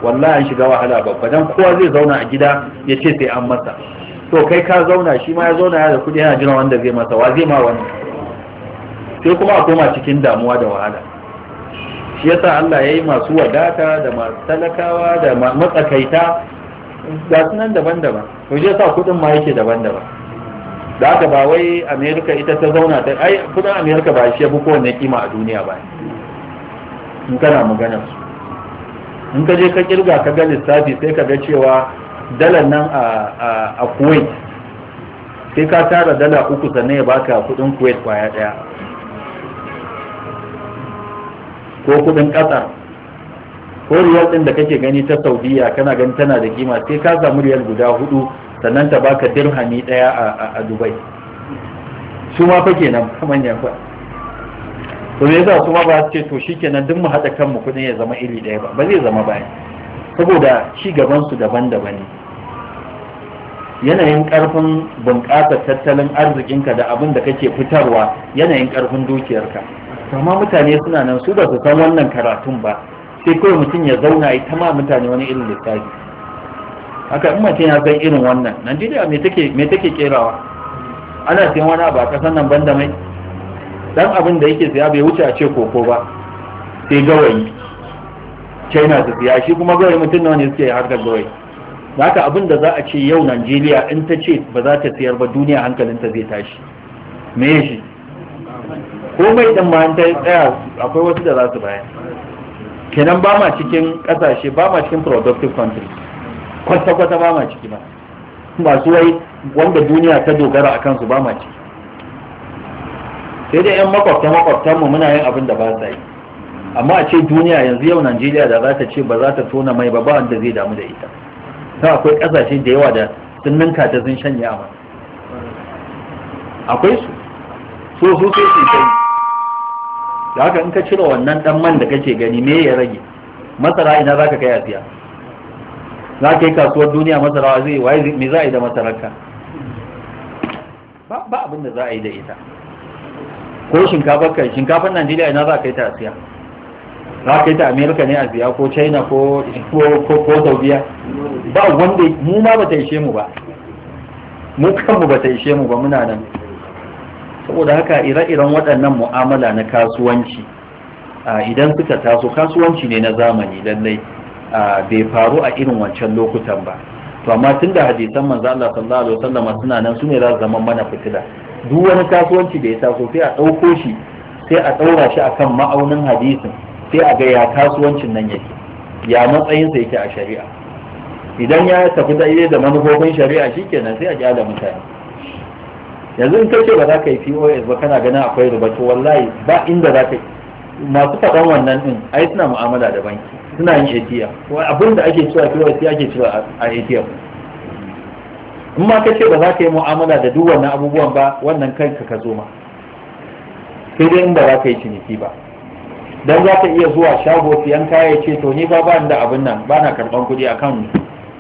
wallahi an shiga wahala babba dan kowa zai zauna a gida ya ce sai an masa to kai ka zauna shi ma ya zauna ya da kudi yana jiran wanda zai masa wa zai ma wani sai kuma a koma cikin damuwa da wahala shi yasa Allah ya yi masu wadata da masu talakawa da matsakaita ga sunan daban-daban to shi yasa kudin ma yake daban-daban da haka ba wai amerika ita ta zauna ta ai kudin amerika ba shi ya fi kima a duniya ba in kana magana su in ka je ka kirga ka ga lissafi sai ka ga cewa dalar nan a kuwait sai ka tara dala uku sannan ya baka kudin kuwait kwaya daya ko kudin kasar ko riyal din da kake gani ta saudiya kana gani tana da kima sai ka samu riyal guda hudu sannan ta baka dirhami daya a dubai su ma fa kenan manya fa to me yasa su ma ba su ce to shikenan duk mu haɗa kanmu kuɗin ya zama iri ɗaya ba ba zai zama ba saboda ci gaban su daban-daban ne yanayin karfin bunƙasa tattalin arzikinka da abin da kake fitarwa yanayin ƙarfin dukiyarka amma mutane suna nan su ba su san wannan karatun ba sai kawai mutum ya zauna ya ma mutane wani irin lissafi haka in mace ya san irin wannan najeriya me take me take kerawa ana sayan wani abu a kasan nan banda mai dan abin da yake siya bai wuce a ce koko ba sai gawayi china su siya shi kuma gawayi mutum nawa ne suke da gawayi haka abin da za a ce yau najeriya in ta ce ba za ta siyar ba duniya hankalinta zai tashi me shi komai din ma ta tsaya akwai wasu da za su baya. kenan ba ma cikin kasashe ba ma cikin productive countries kwata-kwata ba ma ciki ba masu wai wanda duniya ta dogara a kansu ba ma ciki sai dai 'yan makwabta makwabtanmu muna yin abin da ba sa yi amma a ce duniya yanzu yau najeriya da za ta ce ba za ta tona mai ba ba wanda zai damu da ita sai akwai ƙasashe da yawa da sun ninka ta sun shanye a mai akwai su so su sai su shanye da haka in ka cire wannan dan man da kake gani me ya rage masara ina za ka kai a siya za ka yi kasuwar duniya masarawa zai waye me za a yi da masararka ba abin da za a yi da ita ko shinkafar kai shinkafar najeriya ina za ka yi ta asiya za ka yi ta amerika ne a siya, ko china ko saudiya ba wanda mu ma ba ta ishe mu ba mu kanmu ba ta ishe mu ba muna nan saboda haka ire-iren waɗannan mu'amala na kasuwanci idan suka taso kasuwanci ne na zamani lallai bai faru a irin wancan lokutan ba to amma tun da hadisan manzo Allah sallallahu alaihi wasallam suna nan su ne za su zama mana fitila duk wani kasuwanci da ya taso sai a ɗauko shi sai a ɗaura shi akan ma'aunin hadisin sai a ga ya kasuwancin nan yake ya matsayinsa yake a shari'a idan ya tafi daidai da manufofin shari'a shikenan sai a da mutane yanzu in kace ba za ka yi POS ba kana ganin akwai rubutu wallahi ba inda za ka yi masu faɗan wannan ɗin ai suna mu'amala da banki suna yin ATM abin da ake cewa KYC ake cewa a ATM in ma ka ce ba za ka yi mu'amala da duk wannan abubuwan ba wannan kanka ka zo ma sai dai in ba za ka yi ciniki ba dan za ka iya zuwa shago siyan kaya ce to ni ba ba da abin nan ba na karɓan kuɗi a kan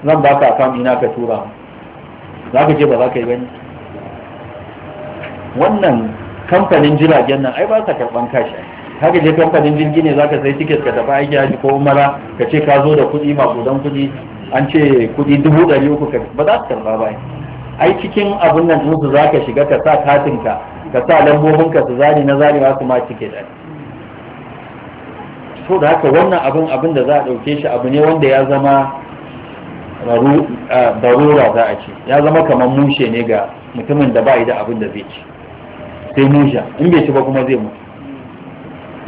zan baka a kan ina ka tura za ka ce ba za ka yi ba wannan kamfanin jiragen nan ai ba sa karɓan kashi haka je kamfanin jirgi ne zaka sai tiket ka tafi aiki haji ko umara ka ce ka zo da kuɗi kudan kuɗi an ce kuɗi dubu ɗari uku ka ba za su karɓa ba ai cikin abun nan su za ka shiga ka sa katinka ka sa lambobin ka su zane na ba su ma tiket ɗari so da haka wannan abin abin da za a ɗauke shi abu ne wanda ya zama darura za a ce ya zama kamar mushe ne ga mutumin da ba da abin da zai ci sai musha in bai ci ba kuma zai mutu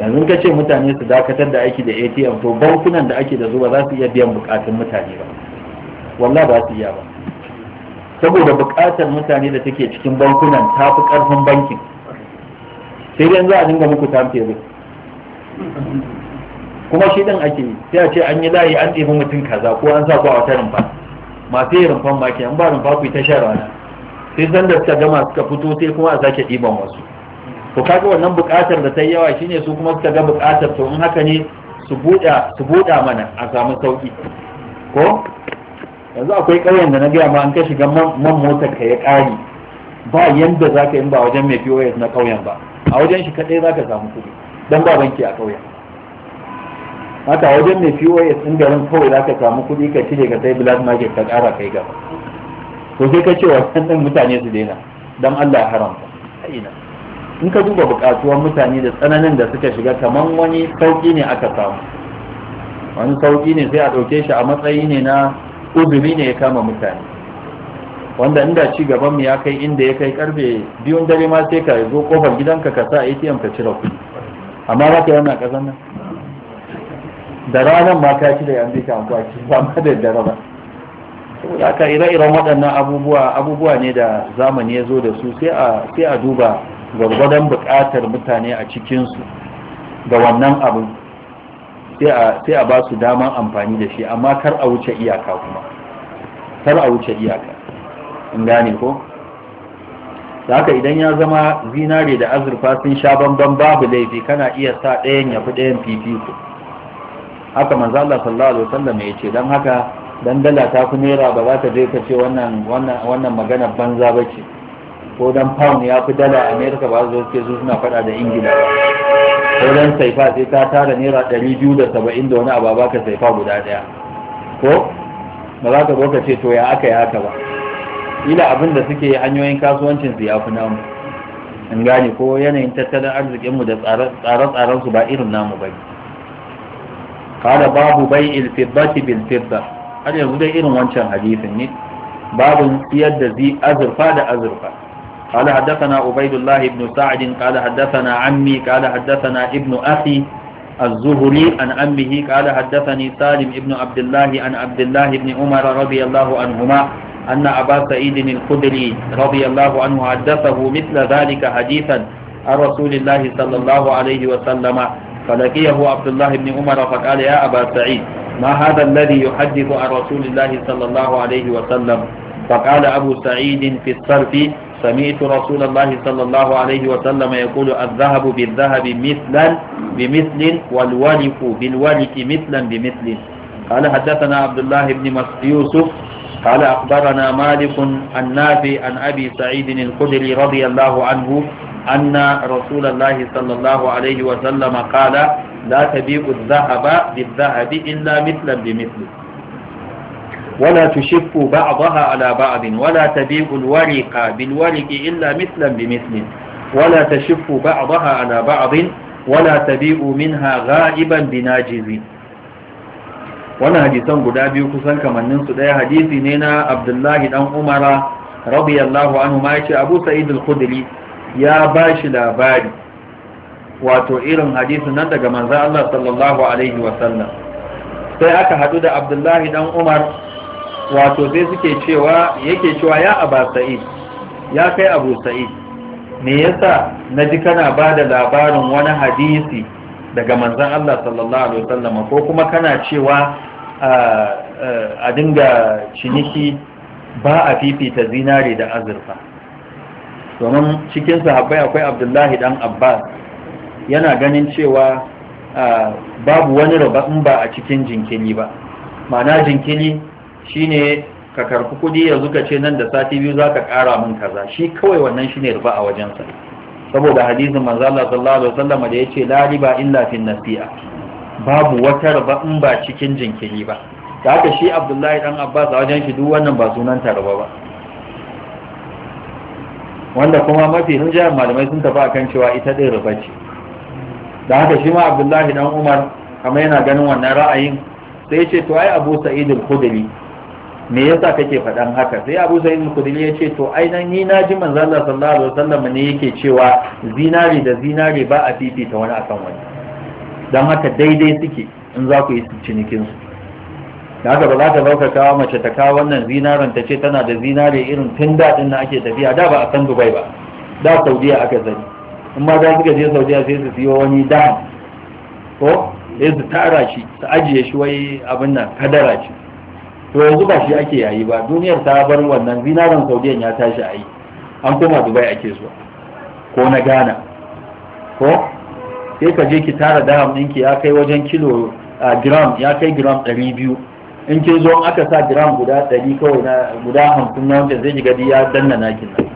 yanzu ka ce mutane su dakatar da aiki da atm to bankunan da ake da zuwa za su iya biyan bukatun mutane ba wallah ba su iya ba saboda bukatar mutane da take cikin bankunan ta fi karfin bankin sai dai za a dinga muku tamfere kuma shi din ake sai a ce an yi layi an ɗebi mutum kaza ko an sa ku a wata rumfa masu yi rumfan ke an ba rumfa ku ta sha rana sai sanda suka gama suka fito sai kuma a sake ɗiban wasu to kaga wannan buƙatar da ta yi yawa shine su kuma suka ga buƙatar to in haka ne su buɗa su buɗa mana a samu sauki ko yanzu akwai ƙauyen da na gaya ma an ka shiga man motar ka ya ƙari ba yanda za ka yi ba wajen mai POS na ƙauyen ba a wajen shi kaɗai za ka samu kuɗi don ba banki a ƙauyen haka wajen mai POS ɗin garin kawai za ka samu kuɗi ka cire ka sai black market ka ƙara kai gaba to sai ka ce wa ɗin mutane su daina don Allah ya haramta a ina in ka duba bukatuwan mutane da tsananin da suka shiga kamar wani sauki ne aka samu wani sauki ne sai a ɗauke shi a matsayi ne na uzuri ne ya kama mutane wanda inda ci gaban mu ya kai inda ya kai karfe biyun dare ma sai ka zo kofar gidanka ka sa ATM ka cire kuɗi amma ba ka yana ƙasar nan da ranar ma ka ci da yanzu ka ci ba ma da dare ba saboda haka ire-iren waɗannan abubuwa abubuwa ne da zamani ya zo da su sai a duba gwargwadon buƙatar mutane a cikinsu da wannan abin sai a ba su daman amfani da shi amma kar a wuce iyaka kuma kar a wuce iyaka in gane ko da haka idan ya zama zinare da azurfa sun sha bambam babu laifi kana iya sa ɗayan ya fi ɗayan fifiko haka manzala sallallahu alaihi wasallam ya ce don haka dandala dala ta fi naira ba za ta je ka ce wannan maganar banza magana banza ce ko dan pound ya fi dala america ba zai suke su suna faɗa da ingila ko dan saifa sai ta tara naira ɗari biyu da saba'in da wani abu ka saifa guda ɗaya ko ba za ka zo ka ce to ya aka yi haka ba ila abin da suke hanyoyin kasuwancin su ya fi namu in gane ko yanayin tattalin arzikinmu da tsare-tsaren su ba irin namu ba kada babu bai ilfibba bil bilfibba, har yanzu dai irin wancan hadisin ne Babu siyar da zi azurfa da azurfa قال حدثنا عبيد الله بن سعد قال حدثنا عمي قال حدثنا ابن أخي الزهري عن عمه قال حدثني سالم ابن عبد الله عن عبد الله بن عمر رضي الله عنهما أن أبا سعيد الخدري رضي الله عنه حدثه مثل ذلك حديثا عن رسول الله صلى الله عليه وسلم فلقيه عبد الله بن عمر فقال يا أبا سعيد ما هذا الذي يحدث عن رسول الله صلى الله عليه وسلم فقال أبو سعيد في الصرف سمعت رسول الله صلى الله عليه وسلم يقول الذهب بالذهب مثلا بمثل والولف بالولف مثلا بمثل قال حدثنا عبد الله بن يوسف قال أخبرنا مالك النافي عن أبي سعيد الخدري رضي الله عنه أن رسول الله صلى الله عليه وسلم قال لا تبيع الذهب بالذهب إلا مثلا بمثل ولا تشف بعضها على بعض ولا تبيع الورق بالورق إلا مثلا بمثل ولا تشف بعضها على بعض ولا تبيع منها غائبا بناجز Wani hadisan guda biyu kusan kamannin su daya hadisi ne na Abdullahi dan Umara radiyallahu anhu ma Abu Sa'id al-Khudri ya shi labari wato irin hadisin nan daga manzo Allah sallallahu alaihi wa sallam sai aka hadu da Abdullahi dan Umar wato sai suke cewa yake cewa ya sa'id ya kai abu sa'id me yasa na ji kana ba da labarin wani hadisi daga manzan Allah sallallahu alaihi wasallam ko kuma kana cewa a dinga ciniki ba a fifita zinare da azurfa domin cikin sahabbai akwai abdullahi dan abbas yana ganin cewa babu wani rabain ba a cikin jinkili ba ma'ana jinkili shine ka karfi kuɗi yanzu ka ce nan da sati biyu za ka ƙara min kaza shi kawai wannan shi ne riba a wajensa saboda hadisin manzo Allah sallallahu alaihi wasallam da yace la riba illa fil nasi'a babu wata riba in ba cikin jinkiri ba da haka shi Abdullahi dan Abbas a wajen shi duk wannan ba sunan ta riba ba wanda kuma mafi rinjayen malamai sun tafi akan cewa ita ɗin riba ce da haka shi ma Abdullahi dan Umar kamar yana ganin wannan ra'ayin sai ce to ai Abu Sa'id al-Khudri me yasa kake faɗan haka sai abu sai al ya ce to ainihin ni na ji manzo Allah sallallahu alaihi wasallam ne yake cewa zinari da zinari ba a fifita wani akan wani dan haka daidai suke in za ku yi cinikin su da haka ba za ka zauka kawo mace ta kawo wannan zinarin ta ce tana da zinari irin tun daɗin na ake tafiya da ba a san dubai ba da saudiya aka sani in ma za suka je saudiya sai su siyo wani da. ko sai su tara shi su ajiye shi wai abin nan kadara shi to yanzu ba shi ake yayi ba duniyar ta bar wannan zinarin saudiyan ya tashi a yi an koma dubai ake zuwa ko na ghana ko sai ka je ki tara dirham ɗinki ya kai wajen kilo a gram ya kai gram ɗari in kin zo aka sa gram guda ɗari kawai na guda hamsin na wanda zai ji gadi ya danna nakin nan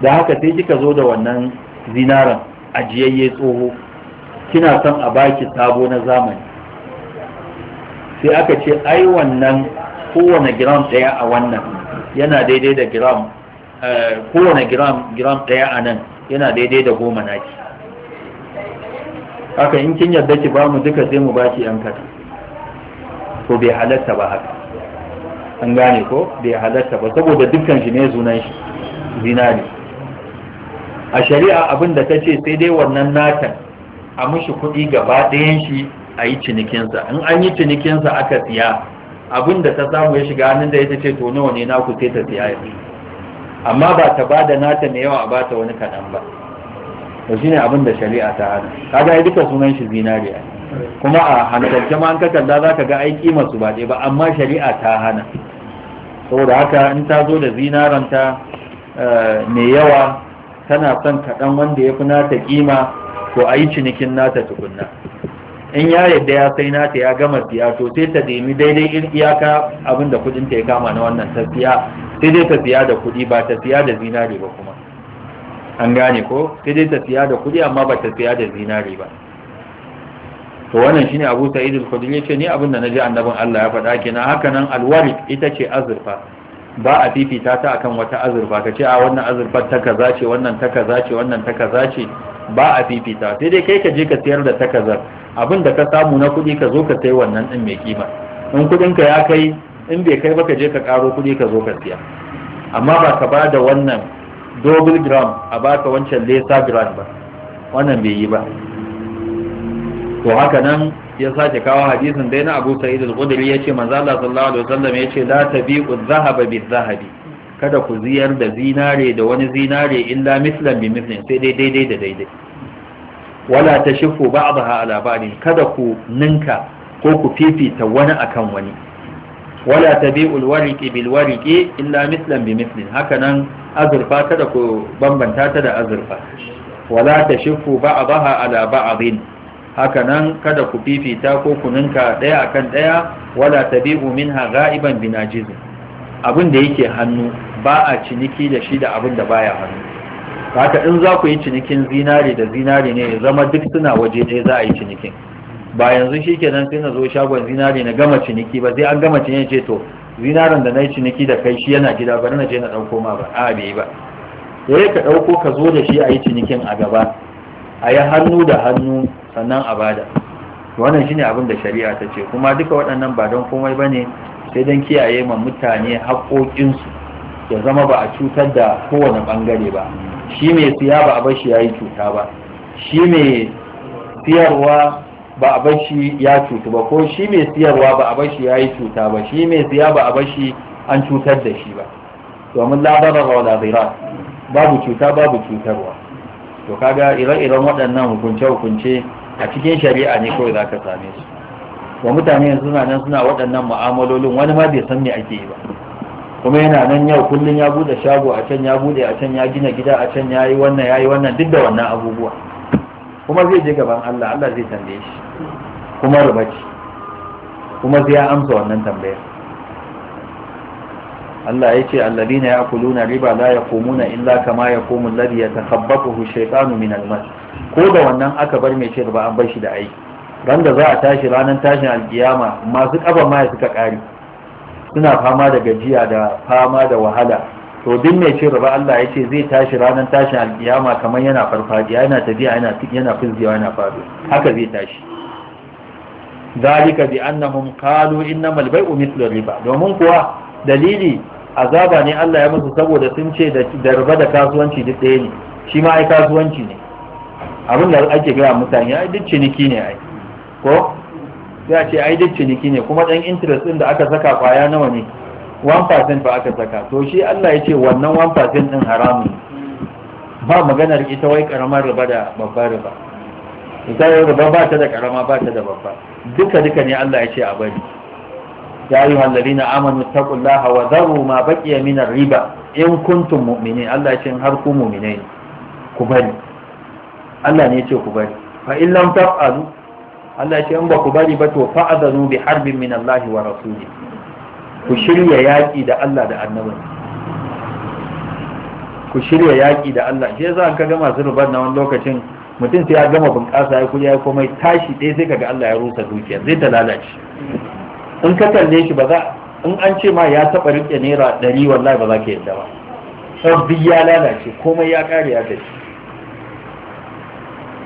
da haka sai kika zo da wannan zinaran ajiyayye tsoho kina son a baki sabo na zamani sai aka ce ai wannan kowane gram ɗaya a wannan yana daidai da gram eh, kowane gram gram ɗaya a nan yana daidai da goma naki haka in kin yarda ki ba mu duka sai mu baki yan kaɗan to bai halatta ba haka an gane ko bai halatta ba saboda dukkan shi ne zunan shi zinari a shari'a abin da ta ce sai dai wannan natan a mushi kuɗi gaba ɗayan shi a yi cinikinsa in an yi cinikinsa aka siya abin da ta samu ya shiga hannun da ya ce to nawa ne ku sai ta siya amma ba ta ba da nata mai yawa a ba ta wani kaɗan ba to shine abin da shari'a ta hana kaga ya duka sunan shi zinariya kuma a hankalce ma an ka kalla za ka ga aiki masu su ba ba amma shari'a ta hana saboda haka in ta zo da zinaranta eh, mai yawa tana son kaɗan wanda ya fi nata kima to a yi cinikin nata tukunna in ya yadda ya sai nata ya gama siya to sai ta nemi daidai iyaka abin da kudin ta ya kama na wannan ta siya sai dai ta siya da kudi ba ta siya da zinari ba kuma an gane ko sai dai ta siya da kudi amma ba ta siya da zinari ba to wannan shine Abu Sa'id al-Khudri yace ni abin da naji annabin Allah ya faɗa kenan haka nan al walid ita ce azurfa ba a fifita ta akan wata azurfa ka ce a wannan azurfar ta kaza ce wannan ta kaza ce wannan ta kaza ce ba a fifita sai dai kai ka je ka tsayar da takazar abin da ka samu na kuɗi ka zo ka sai wannan ɗin mai kima in kuɗin ka ya kai in bai kai ba ka je ka ƙaro kuɗi ka zo ka siya amma ba ka ba da wannan double gram a baka wancan lesa gram ba wannan bai yi ba to haka nan ya sake kawo hadisin dai na Abu Sa'id al-Khudri yace manzo Allah sallallahu alaihi wasallam yace la tabiqu adh-dhahaba bidh-dhahabi kada ku ziyar da zinare da wani zinare illa mislan bi mislin sai dai daidai da daidai wala tashifu ba'daha ala labarin, kada ku ninka ko ku fifita wani akan wani wala tabi'ul wariqi bil wariqi illa mislan bi mislin nan azurfa kada ku bambanta ta da azurfa wala tashifu ba'daha labarin, ba'din hakanan kada ku fifita ko ku ninka daya akan ɗaya. wala tabi'u minha ghaiban binajizin abin da yake hannu ba a ciniki da shi da abin da baya hannu haka in za ku yi cinikin zinari da zinari ne ya zama duk suna waje ɗaya za a yi cinikin ba yanzu shi kenan sai na zo shagon zinari na gama ciniki ba sai an gama ciniki ce to zinaren da na yi ciniki da kai shi yana gida bari na je na ɗauko ma ba a bai ba sai eh, ka ɗauko ka zo da shi a yi cinikin a gaba a yi hannu da hannu sannan a bada wannan shine abin da shari'a ta ce kuma duka waɗannan ba don komai ba ne sai don kiyaye ma mutane haƙoƙinsu ya zama ba a cutar da kowane bangare ba shi mai siya ba a bashi ya yi cuta ba shi mai siyarwa ba a bashi ya cutu ba ko shi mai siyarwa ba a bashi ya yi cuta ba shi mai siya ba a bashi an cutar da shi ba domin labarar wa zira babu cuta babu cutarwa to kaga ire-iren waɗannan hukunce-hukunce a cikin shari'a ne kawai za ka same su wa mutane suna nan suna waɗannan ma'amalolin, wani ma bai san me ake yi ba kuma yana nan yau kullum ya bude shago a can ya bude a can ya gina gida a can ya yi wannan ya yi wannan duk da wannan abubuwa kuma zai je gaban Allah Allah zai tambaye shi kuma rubaci kuma zai ya amsa wannan tambayar Allah ya ce alladina ya'kuluna riba la yaqumuna illa kama yaqumu alladhi yatakhabbathu shaytanu min al-mas ko da wannan aka bar mai ce ba an bar shi da aiki ran da za a tashi ranar tashin alkiyama masu kaban ma suka kare suna fama da gajiya da fama da wahala to duk mai ce raba Allah ya ce zai tashi ranar tashin alkiyama kamar yana farfajiya yana tafiya yana yana fizgiya yana fado haka zai tashi zalika bi annahum qalu innamal bai'u mithlu riba domin kuwa dalili azaba ne Allah ya musu saboda sun ce da riba da kasuwanci duk ɗaya ne shi ma ai kasuwanci ne abin da ake gaya mutane ai duk ciniki ne ai ko sai a ce ai duk ciniki ne kuma dan interest din da aka saka kwaya nawa ne 1% ba aka saka to shi Allah ya ce wannan 1% din haramun ba maganar ita wai karamar riba da babbar riba ita riba ba ta da karama ba ta da babba duka duka ne Allah ya ce a bari ya yi hallari na amanu taqullaha wa zaru ma ya min riba in kuntun mu'mini Allah ya ce har ku mu'mini ku bari Allah ne ya ce ku bari fa illan lam taf'alu Allah ce in ba ku bari ba to fa'adhanu bi harbin min Allah wa rasuli ku shirya yaki da Allah da annabi ku shirya yaki da Allah je za ka gama masu rubar na wani lokacin mutum sai ya gama bunƙasa ya kuɗi ya komai tashi ɗaya sai kaga Allah ya rusa dukiya zai ta lalace in ka kalle shi ba za in an ce ma ya taɓa riƙe naira ɗari wallahi ba za ka yadda ba sabbi ya lalace komai ya ƙare ya tafi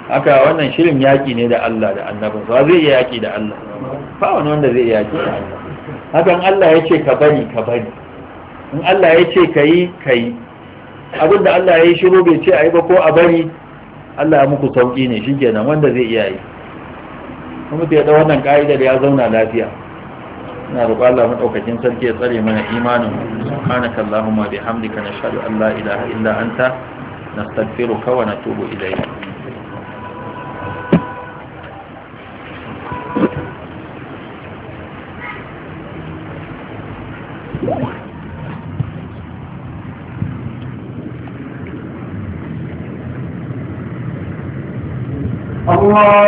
haka wannan shirin yaƙi ne da Allah da annabin sa zai iya yaƙi da Allah ba wani wanda zai iya yaƙi da Allah hakan Allah ya ce ka bari ka bari in Allah ya ce ka yi ka yi abinda Allah ya yi shiru bai ce a yi ba ko a bari Allah ya muku sauƙi ne shi kenan wanda zai iya yi kuma ta yada wannan ka'idar ya zauna lafiya ina roƙo Allah madaukakin sarki ya tsare mana imanin subhanaka allahumma bihamdika nashhadu an la ilaha illa anta nastaghfiruka wa natubu ilayk الله